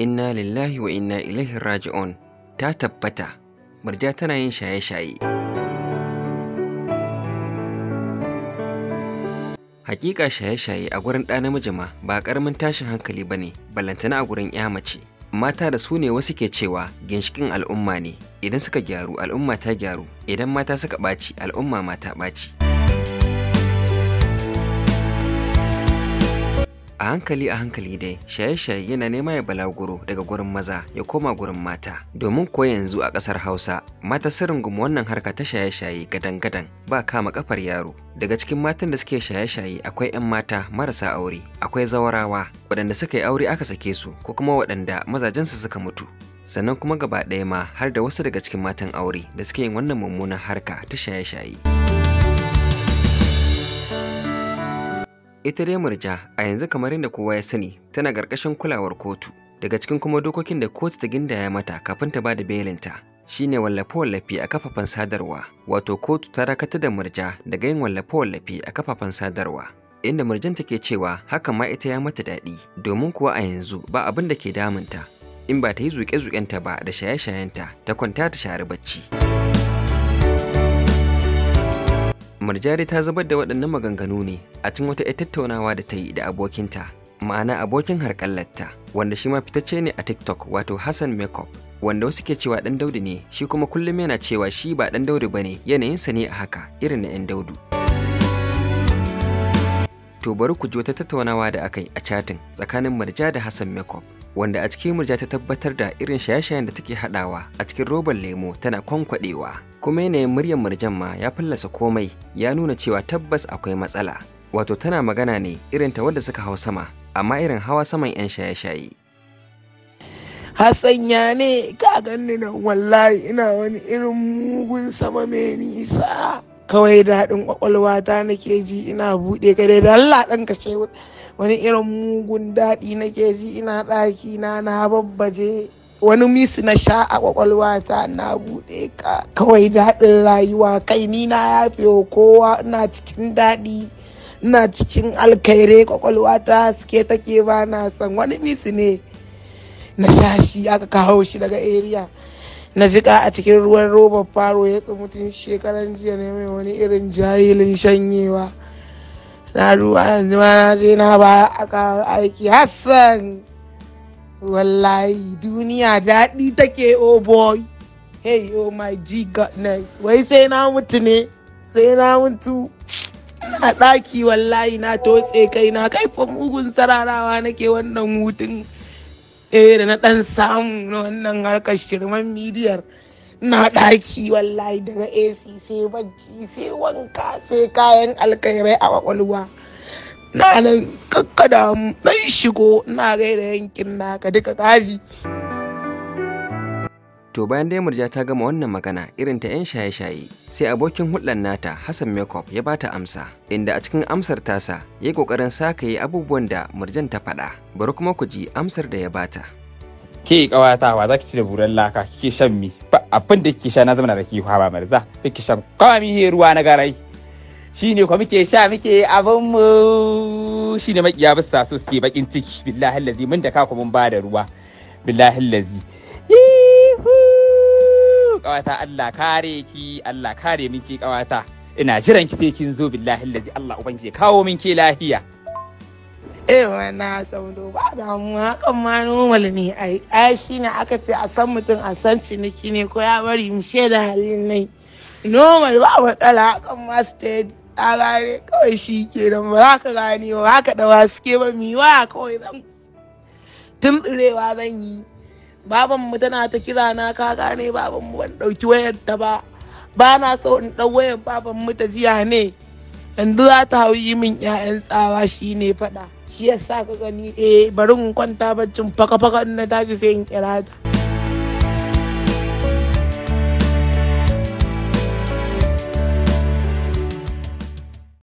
inna lillahi wa inna ilaihi raji'un ta tabbata murja tana yin shaye-shaye hakika shaye-shaye a gurin ɗa namiji ma ba ƙaramin tashin hankali ba lantana ballantana a gurin ya mace mata da su ne wasu ke cewa ginshikin al'umma ne idan suka gyaru al'umma ta gyaru idan mata suka ɓaci al'umma ma ta ɓaci a hankali a hankali dai shaye-shaye yana nema ya balaguro daga gurin maza ya koma gurin mata domin ko yanzu a ƙasar hausa mata sun rungumi wannan harka ta shaye-shaye gadan-gadan ba kama kafar yaro daga cikin matan da suke shaye-shaye akwai 'yan mata marasa aure akwai zawarawa waɗanda suka yi aure aka sake su ko kuma waɗanda mazajensu suka mutu sannan kuma gaba ɗaya ma har da wasu daga cikin matan aure da suke yin wannan mummunan harka ta shaye-shaye ita dai murja a yanzu kamar yadda kowa ya sani tana ƙarƙashin kulawar kotu daga cikin kuma dokokin da kotu ta gindaya mata kafin ta bada da belinta shine wallafe-wallafe a kafafen sadarwa wato kotu ta rakata da murja daga yin wallafe-wallafe a kafafen sadarwa inda murjan take cewa hakan ma ita ya mata daɗi domin kuwa a yanzu ba abin da ke damunta in ba ta yi zuƙe-zuƙenta ba da shaye-shayenta ta kwanta ta share bacci. Jari ta zabar da waɗannan maganganu ne a cikin wata 'yar tattaunawa da ta yi da abokinta, ma'ana abokin harƙallarta, wanda shi ma fitacce ne a TikTok wato Hassan Makeup, wanda wasu ke cewa ɗan Daudu ne, shi kuma kullum yana cewa shi ba ɗan Daudu ba ne, yanayinsa ne a haka irin na 'yan Daudu. To bari ku ji wata tattaunawa da aka yi a chatin tsakanin Murja da Hassan Makeup, wanda a cikin Murja ta tabbatar da irin shaye-shayen da take haɗawa a cikin roban lemo tana kwankwaɗewa. kuma yanayin muryar murjan ma ya fallasa komai ya nuna cewa tabbas akwai matsala wato tana magana ne irin ta wadda suka hau sama amma irin hawa saman 'yan shaye-shaye Hassan ya ne ka ganni nan wallahi ina wani irin mugun sama mai nisa kawai daɗin ƙwaƙwalwa ta nake ji ina buɗe gare da Allah ɗan ka wani irin mugun daɗi nake ji ina ɗaki na na babbaje wani misi na sha a kwakwalwata na bude ka kawai daɗin rayuwa kai ni na yafe kowa na cikin daɗi ina cikin alkaire kwakwalwata suke take ba na san wani misi ne na sha shi aka kawo shi daga area na jika a cikin ruwan robar faro ya mutum shekaran jiya ne mai wani irin jahilin shanyewa na ruwa yanzu ma na je na ba aka aiki hassan wallahi duniya daɗi take oh boy hey oh my g nai wai sai na mutu ne sai na mutu a ɗaki wallahi na totse kai na kai fa mugun sararawa nake wannan hutun eh da na ɗan samu na wannan harkar shirman midiyar na ɗaki wallahi daga ac sai bacci sai wanka sai kayan alkairai a kwakwalwa na nan kakkada dan shigo na gaida yankin naka duka kaji to bayan dai murja ta gama wannan magana irin ta yan shaye-shaye sai abokin hulɗar nata hassan makeup ya bata amsa inda a cikin amsar tasa ya kokarin saka yi abubuwan da murjan ta faɗa bari kuma ku ji amsar da ya bata ke kawata wa za ki ci da buran laka kike shan mi ba abin da kike sha na zama da kiwa ba marza kike shan kwami ruwa na garai Shi ne kwa muke sha muke abin mu ne makiya bisa so suke bakin ciki billahi lazi mun da ka kuma mun bada ruwa billahi lazi kawata Allah kare ki Allah kare min ki kawata ina jiran ki sai kin zo billahi lazi Allah ubangiji kawo min ki lafiya eh na sauro ba da mu? hakan ma normal ne ai ai shine aka ce a san mutum a san ciniki ne ko ya bari mu shaida halin nai normal ba matsala hakan ma steady ka gane kawai shi nan ba za ka gane ba za ka dawa suke ba wa kawai zan tun tsirewa zan yi baban mu tana ta kira na ka gane baban mu ban dauki wayar ta ba ba na so in dau wayar baban mu ta jiya ne yanzu za ta hau yi min 'ya'yan tsawa shi ne faɗa shi yasa ka gani eh bari in kwanta baccin faka-faka in na tashi sai in kira ta